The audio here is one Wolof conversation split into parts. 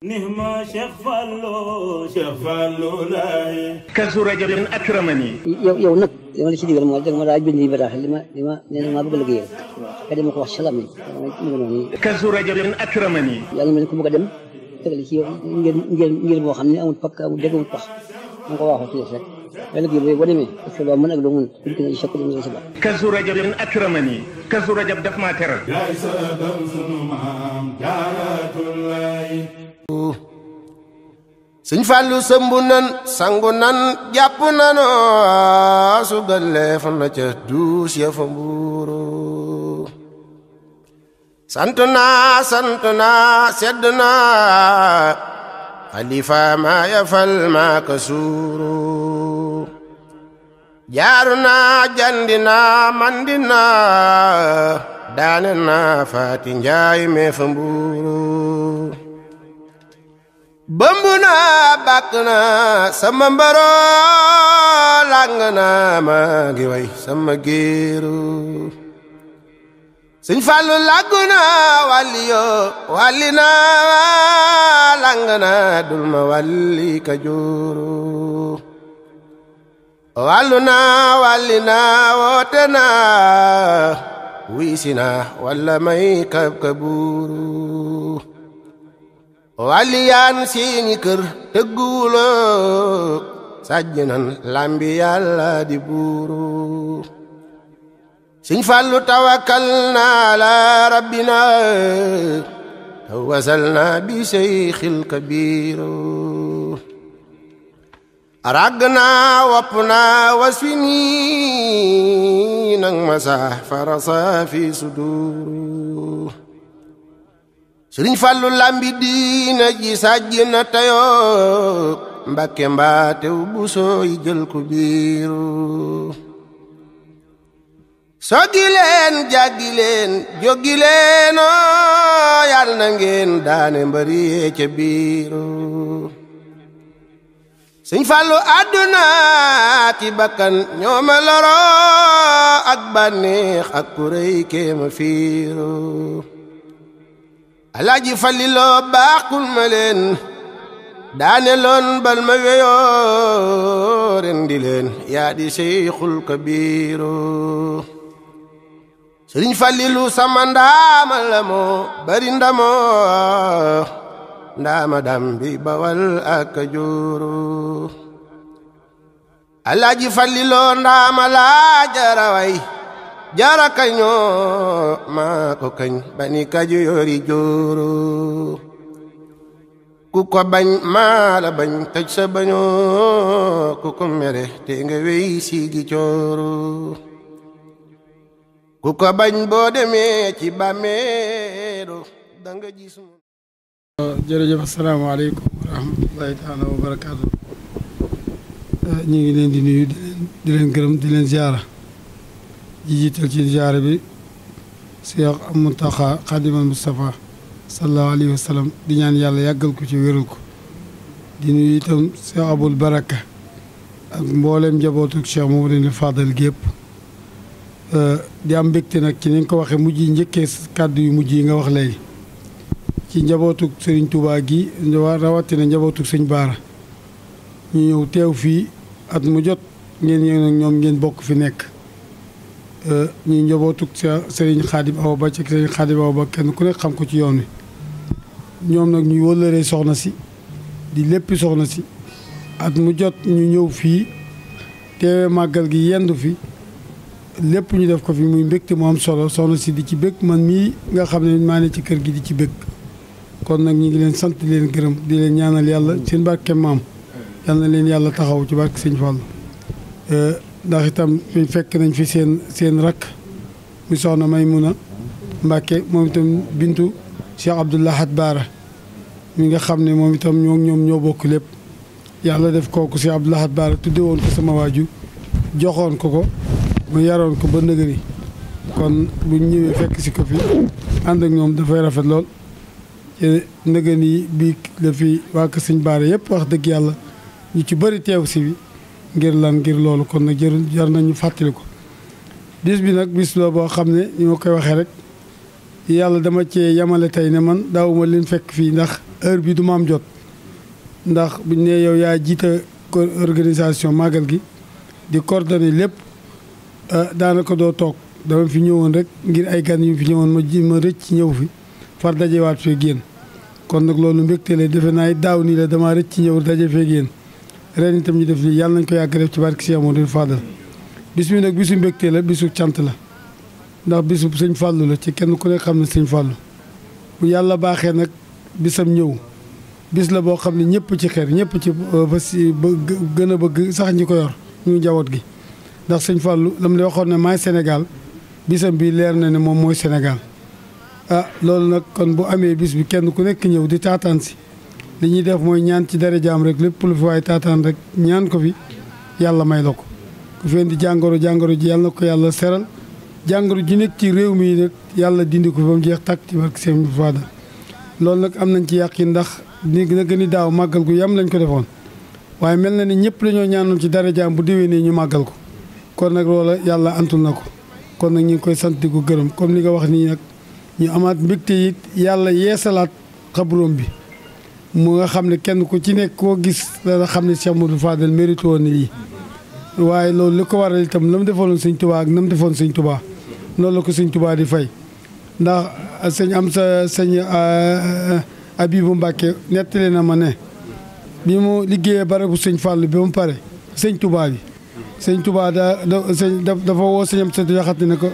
nihma Cheikh Fallou Cheikh Fallou laay. kasu rajabin akramani. yow yow nag li ma la ci digal mooy dégg nga ma li ma nee na a liggéeyal. ko wax ci lamiñ. kasu rajabin akramani. yaa ngi mel ku bëgg a dem tegal yow ngir ngir ngir boo xam ne amul pakk amul mu ko waxoo ci def rek. yaa ngi liggéey boo demee ak loo mën ku nekk ci chaque jour sëñ Fallu sëmbu nan sangu nan jàpp nanu sugaleef na ca duus ya fa mbuuru sant naa sant naa sedd naa xalifa maa yafal maa ka suuru jaaru naa jandi naa mandi naa daane naa faati njaay mee fa mbuuru bëmb naa bàkk naa sama mbaro làng naa maa ngi way sama géeru sëñ Fallu làggu naa wàlli yoo naa làng naa dul ma wàlli ka jooru naa wàlli naa woote naa wiisi naa walla may kab ka waliyaan seeni kër tëgguwuloo sajj nan lambi yàlla di buuru la rabbina tawasal bi seyxil kabiiru ràgg naa wopp naa waswini nang masa farasa fi suduuru sëriñ fàllu làmbi diina ji sàjj na tayoo mbàkke mbaatew jël ku biiru soggi leen jàggi leen jóggi leenoo na ngeen daane mbëri yee ca biiru sëñ fàllu àdduna ki bakkan ñoo ma loro ak bànneex ak kuréy fiiru alaaji faliloo baaxul ma leen daane loon bal di leen yaa di seyxul kabiiru sëriñ falilu sama ndaama la moo bari ndamoo ndaama dam bi bawal ak jooro alaaji faliloo ndaama laa jaraway jaara kañoo maa ko kañ bani kajoori jooro ku ko bañ maa la bañ toj sa bañoo ku mere te nga wey siigi cooro ku bañ boo demee ci bàmmeeru da nga gis mu jërëjëf asalaamaaleykum wa rahmatullahi taala wa barakaatu ñu ngi leen di nuyu di leen di gërëm ziara ji ci ziyaara bi Seex Muntaxa Xaadimal Mustafaa sallallahu alayhi wa di ñaan yàlla yàggal ko ci wéral ko di nuyu itam Seex Abul Baraka ak mbooleem njabootu Seex Muhammadul Faadal gépp eh, di am mbégte nag ci ni ko waxee mujj yi njëkkee kàddu yu mujj yi nga wax léegi ci njabootu Sëriñ Tuubaa gi rawatina njabootu Sëñ Baara ñu ñëw teew fii at mu jot ngeen ñëw ñoom ngeen bokk fi nekk ñi njabootu Serigne Khadim Awa Ba ci Serigne Khadim Awa Ba kenn ku nekk xam ko ci yoon wi ñoom nag ñuy wëllëree soxna si di léppi soxna si at mu jot ñu ñëw fii teewee màggal gi yendu fi lépp ñu def ko fi muy mbégte mu am solo soxna si di ci bég man mii nga xam ne maa ne ci kër gi di ci bég kon nag ñu ngi leen sant leen gërëm di leen ñaanal yàlla seen barke maam yal na leen yàlla taxaw ci barke Sëñ Fall eh, ndax itam fekk nañ fi seen seen rakk mi soxna may Maymuna Mbàkke moom itam bintu Cheikh Abdoul Ahad Baara mi nga xam ne moom itam ñoo ñoom ñoo bokk lépp yàlla def kooku Cheikh Abdoul Ahad Baara tudde woon ko sama waaju joxoon ko ko mu yaroon ko ba nëgëri kon buñ ñëwee fekk si ko fi ànd ak ñoom dafay rafet lool te nëgëni bii la waa Kër Sëñ Baara yëpp wax dëgg yàlla ñu ci bëri teew si bi ngir lan ngir loolu kon nag jër jar nañu fàttali ko bis bi nag bis la boo xam ne ni ma koy waxee rek yàlla dama cee yamale tey ne man daawuma leen fekk fii ndax heure bi du ma am jot ndax buñ ne yow yaa jiite organisation màggal gi di coordonné lépp ah, daanaka doo toog dama fi ñëwoon rek ngir ay gan yu fi ñëwoon ma ji ma rëcc ñëw fi far dajewaat fee génn kon nag loolu mbégte defe naa daaw nii la dama rëcc ñëw daje fee génn ren itam ñu def lii yàlla nañ ko yàgg def ci barke Cheikh Amadou Fadal bis bi nag bisu mbégte la bisu cant la ndax bisu sëñ fàllu la ci kenn ku ne xam ne sañ fàllu bu yàlla baaxee nag bisam ñëw bis la boo xam ne ñëpp ci xer ñëpp ci euh, ba gën a bëgg sax ñi ko yor gi ndax sëñ fàllu lam lay waxoon ne maay Sénégal bisam bi leer na ne moom mooy Sénégal a ah, loolu nag kon bu amee bis bi kenn ku nekk ñëw di taataan si li ñuy def mooy ñaan ci dara jaam rek lépp lu fi waaye taataan rek ñaan ko fi yàlla may la ko ku feen di jàngoro jàngoro ji yàlla na ko yàlla seral jàngoro ji nekk ci réew mi rek yàlla dindi ko ba mu jeex tàkk ci barke seen faada loolu nag am nañ ci yàq yi ndax ni na gën a daaw màggal gu yam lañ ko defoon waaye mel na ni ñëpp dañoo ñaanoon ci dara jaam bu déwénee ñu màggal ko kon nag loola yàlla antul na ko kon nag ñu ngi koy sant gërëm comme ni nga wax nii nag ñu amaat mbégte it yàlla yeesalaat xabroom bi mu nga xam ne kenn ku ci nekk koo gis la xam ne Cheikh Modou Fadel mérite woon na lii waaye loolu li ko waral itam na mu defoon sëñ Tuubaa ak na mu defoon sëñ Tuubaa loolu la ko sëñ Tuubaa di fay ndax sëñ am sa sëñ euh, bu Mbàkke nettali na ma ne bi mu liggéeyee barabu sëñ Fàll bi mu pare sëñ Tuubaa bi sëñ Tuubaa da sëñ dafa woo sëñ am sa jaxat ne ko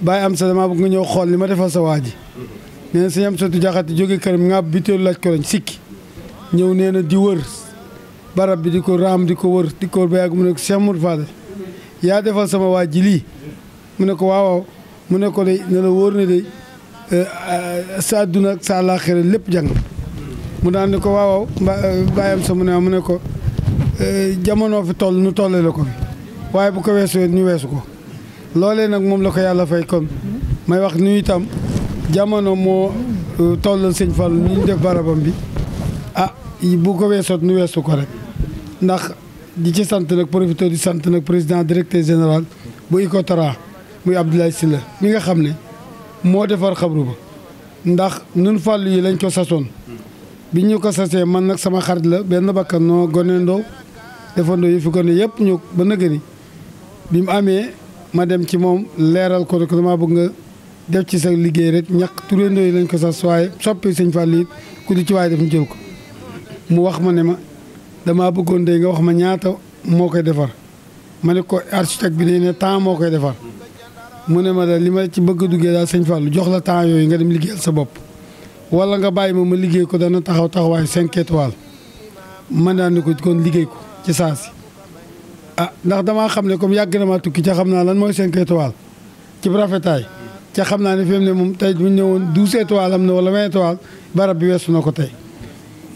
baay am sa dama bëgg nga ñëw xool li ma defal sa waa ji nee na sëñ am sotti jaxate jóge këram ŋàbb bitéelu laaj koroñ sikki ñëw nee na di wër barab bi di ko raam di ko wër di ko wër mu ne ko Cheikh Mour Fadel yaa defal sama waa ji mu ne ko waawaaw mu ne ko de ne la wóor ne de eh, sa àdduna ak sa àllaaxira lépp jàng mu daan ne ko waawaaw bàyyam sa mu ne mu ne ko eh, jamono fi toll nu tolle ko fi waaye bu ko weesu ñu weesu ko loolee nag moom la ko yàlla fay kon may wax nuyu itam jamono moo euh, toll sëñ Fall ni ñu def barabam bi ah bu ko weesoot nu weesu ko rek ndax di ci sant nag profiteur di sant nag président directeur général bu ICOTRA muy Abdoulaye Sylla mi nga xam ne moo defar xabru ba ndax nun fàllu yi lañ ko sasoon bi ñu ko sasee man nag sama xarit la benn bakkan noo gonendoo defandoo yi fi gone yëpp ñu ba nëgëni bi mu amee ma dem ci moom leeral ko rek damaa bëgg nga def ci sa liggéey rek ñaq turandoo yi lañ ko sas waaye soppi sëñ Fall it ku di ci waaye def ñu jël ko mu wax ma ne ma damaa bëggoon dey nga wax ma ñaata moo koy defar ma ne ko architecte bi nee ne temps moo koy defar mu ne ma da li ma ci bëgg a duggee daal sëñ Fall jox la temps yooyu nga dem liggéeyal sa bopp wala nga bàyyi ma ma liggéey ko dana taxaw taxawaayu cinq étoiles man daan ni ko kon liggéey ko ci saa si ah ndax damaa xam ne comme yàgg na maa tukki ca xam naa lan mooy cinq étoiles ci rafetaay ca xam naa ne fi ne moom tey bu ñu ñëwoon douze étoiles am na wala vingt étoiles barab bi weesu na ko tey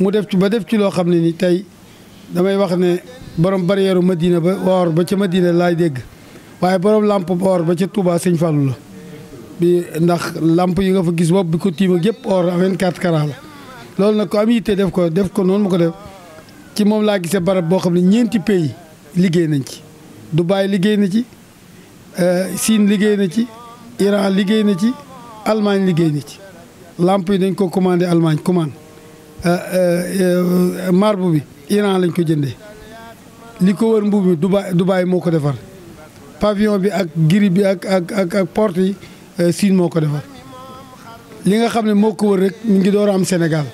mu def ci ba def ci loo xam ne ni tey damay wax ne borom barrière Madina ba or ba ca Madina laay dégg waaye borom làmp or ba ca Touba Sëñ Fallou la bi ndax lamp yi nga fa gis bopp bi ko tiim ak yëpp or à 24 carats la loolu nag ko am yitte def ko def ko noonu ma ko def ci moom laa gisee barab boo xam ne ñeenti pays liggéey nañ ci Dubaï liggéey na ci euh, Siin liggéey na ci Iran liggéey na ci Allemagne liggéey ni ci lamp yi dañ ko commandé Allemagne commande euh, euh, euh, marbre bi Iran lañ ko jëndee li ko wër mbubb mi du bàyyi moo ko defar pavillon bi ak giri bi ak ak ak ak porte moo ko defar li nga xam ne moo ko wër rek ñu ngi door a am Sénégal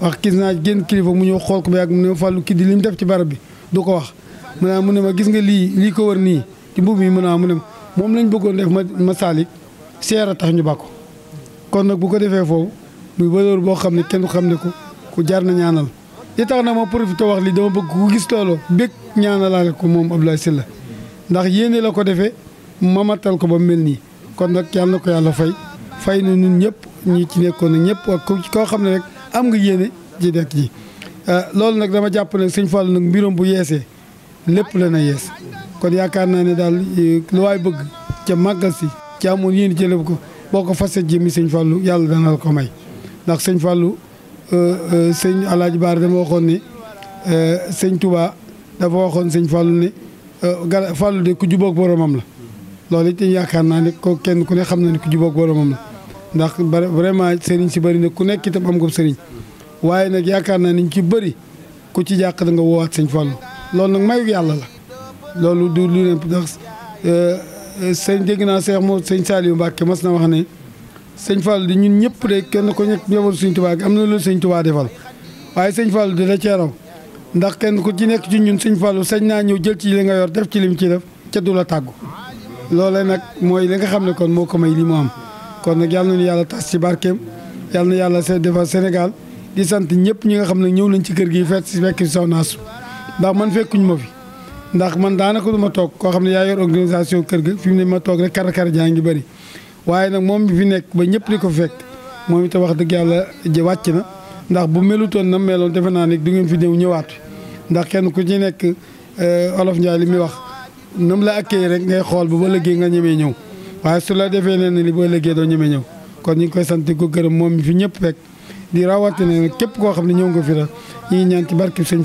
wax gis naa génn kilifa mu ñëw xool ko bi ak mu ne fàllu kii di li mu def ci barab bi du ko wax mu ne ah, mu ne ma gis nga lii lii ko wër nii ci mbubb yi mu ne ah, mu ne ma moom lañ bëggoon def ma masaalik seer a tax ñu bàkko kon nag bu ko defee foofu muy valeur boo xam ne kenn xam ne ko ku jar na ñaanal li tax na ma profité wax li dama bëgg ku gis loolu bég ñaanalaale ko moom Abdoulaye Sylla ndax yéene la ko defee mamatal ko ba mel nii kon nag yàlla na ko yàlla fay fay na ñun ñëpp ñi ci nekkoon na ñëpp ak koo xam ne rek am nga yéene ji dekk ji euh, loolu nag dama jàpp ne sëñ Fall nag mbiram bu yeesee lépp la na yees kon yaakaar naa ne daal eh, lu waay bëgg ca màggal si ca amoon yéen jëlee ko boo ko fase jëmi sëñ Fallou yàlla dana ko may ndax sëñ Fallou eh, eh, sëñ Alaaji Baar dama waxoon ne sëñ Touba dafa waxoon sëñ Fallou ne gara Fallou de ku jubóog boromam la loolu it yaakaar naa ne ko kenn ku ne xam na ne ku jubóog boromam la ndax vraiment sëriñ si bari ne ku nekk itam am nga sëriñ waaye nag yaakaar naa ne ñu ci bëri ku ci jàq da nga woowaat sëñ Fallou loolu nag mayu yàlla la loolu du lu ne ndax euh, euh, sëñ dégg naa Seex moo sëñ Saliou Mbacke mas na wax ne sëñ Fall di ñun ñëpp de kenn ko ñekk njabootu sëñ Tuubaa am na lu sëñ Tuubaa defal waaye sëñ Fall di la ceeraw ndax kenn ku ci nekk ci ñun sëñ Fallu sañ naa ñëw jël ci li nga yor def ci lim ci def ca du la tàggu loolee nag mooy li nga xam ne kon moo ko may li mu am kon nag yàlla na yàlla tas ci barkeem yàlla na yàlla se defal Sénégal di sant ñëpp ñi nga xam ne ñëw nañ ci kër gi fekk si fekk si soxna ndax man fekkuñ ma fi ndax man daanaka du ma toog koo xam ne yaa yor organisation kër gi fi mu ne ma toog rek kar kar jaa ngi bëri waaye nag moom bi fi nekk ba ñëpp di ko fekk moom itam wax dëgg yàlla ji wàcc na ndax bu melutoon na meloon defe naa ne du ngeen fi ñëw ñëwaat ndax kenn ku ci nekk euh, olof Ndiaye li muy wax nam mu la akkee rek ngay xool ba ba lëggee nga ñemee ñëw waaye su la defee nee na li ba lëggee doo ñemee ñëw kon ñu ngi koy sant ko gërëm moom mi fi ñëpp fekk di rawatina képp koo xam ne ñëw nga fi la ñu ngi ñaan ci barkib sëñ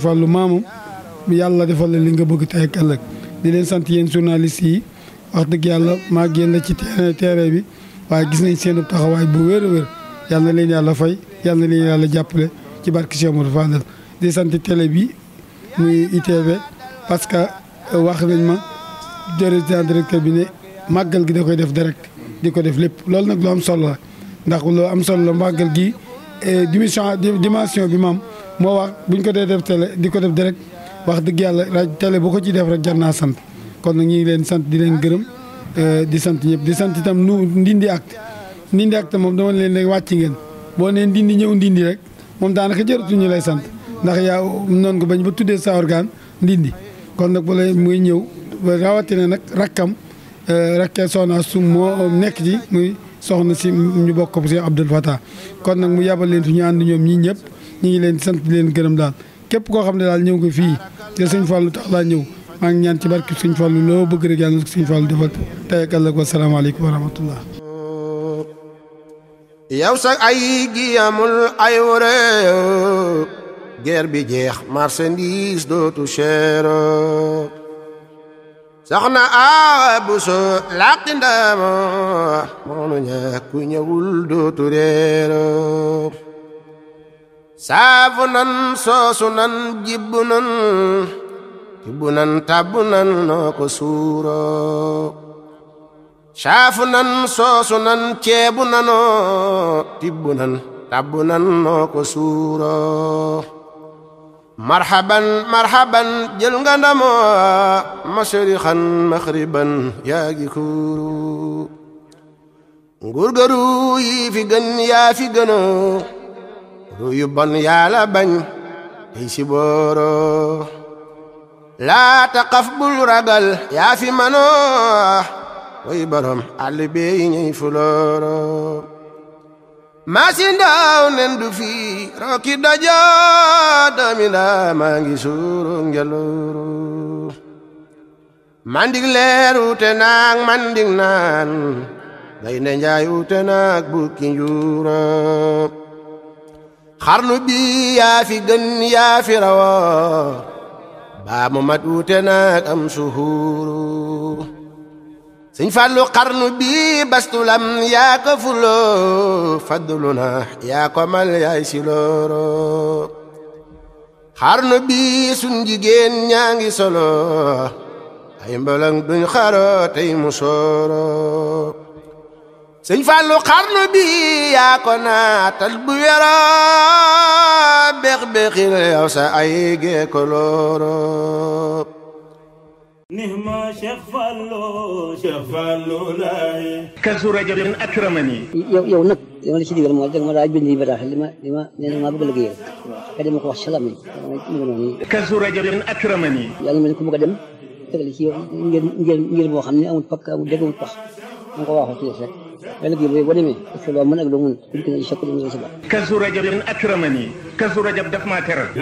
yàlla defal la li nga bëgg tey ak ëllëg di leen sant yéen journaliste yi wax dëgg yàlla maa génn la ci terrain bi waaye gis nañ seen taxawaay bu wér a wér yàlla na leen yàlla fay yàlla leen yàlla jàppale ci barke Cheikh Modou Fadel di sant télé bi muy ITV parce que euh, wax nañ ma président directeur bi ne màggal gi da koy def direct di ko def lépp loolu nag lu am solo la ndax lu am solo la màggal gi euh, dimension dimension bi maam moo wax buñ ko dee def télé di ko def direct wax dëgg yàlla rajo télé bu ko ci def rek jar naa sant kon nag ñu ngi leen sant di leen gërëm eh, di sant ñëpp di sant itam nu ndindi acte ndindi acte moom dama leen rek wàcc ngeen boo nee ndindi ñëw ndindi rek moom daanaka jërëtu ñu lay sant ndax yaa noon ko bañ ba tuddee sa organe ndindi kon nag bu lay muy ñëw rawatina nag rakkam eh, rakkee soxna su moo nekk ci muy soxna si ñu bokk ko si Abdoul Fatah kon nag mu yabal leen fi ñu ànd ñoom ñii ñëpp ñu ngi leen sant di leen gërëm daal képp koo xam ne daal ñëw nga fii te sëñ Fallou tax laa ñëw maa ngi ñaan ci barke sëñ Fallou loo bëgg rek yàlla na sëñ Fallou defal tey ak ëllëg wasalaamaaleykum wa rahmatullah yow sax ay gi amul ay wóoree guerre bi jeex marchandise dootu cher soxna Abu So làqi ndama moonu ñàkk ku ñëwul dootu réer saafu nan soosu nan jibbu nan jibbu nan tabbu nan noo ko suuroo saafu nan soosu nan ceebu noo ko suuroo marhaban marhaban jël nga ndamoo masrixan maxriban yaa gi kuuru nguur garu yi fi gën yaa fi gënoo ru bon yàlla bañ tey si booroo laa bul ragal yaa fi manoo way borom bee yi ñuy fulooroo nen du fi rooki dojo doomi ndaa maa ngi suuru ngelooro mandig leer wuute naag naan gaynde njaay wuute naag bukki njuuroo xarnu bi yaa fi gën yaa fi baa mu mat wuute naag am suhuuru sëñ Fallu xarnu bi bastulam yaa ko fulo fadlu na yaa ko yaay si xarnu bi sun jigéen ñaa ngi solo ay mbalang duñ xaro tey mu sooro sëñ Fallou xarnu bi yaa ko naatal bu wéro beex beexil yow sa ay gee ko looro nihma Cheikh Fallou Cheikh Fallou laay kasu rajab min akramani yow yow nag li ma la ci digal mooy dëgg ma daa bind bataaxal li ma li ma nee na maa bëgg a liggéeyal ka dem ko wax ci lamiñ mu ngi noonu kasu rajab min akramani yaa ngi mel ni ku bëgg a dem tegal ci yow ngir ngir ngir boo xam ne amul pakk amul dégg amul pax mu ko waxoo ci rek ëllëg bu boo demee parce que loo mën ak loo mën kuñ ko ne chaque jour nga sabab kasu rajab akramani kasu rajab daf maa teral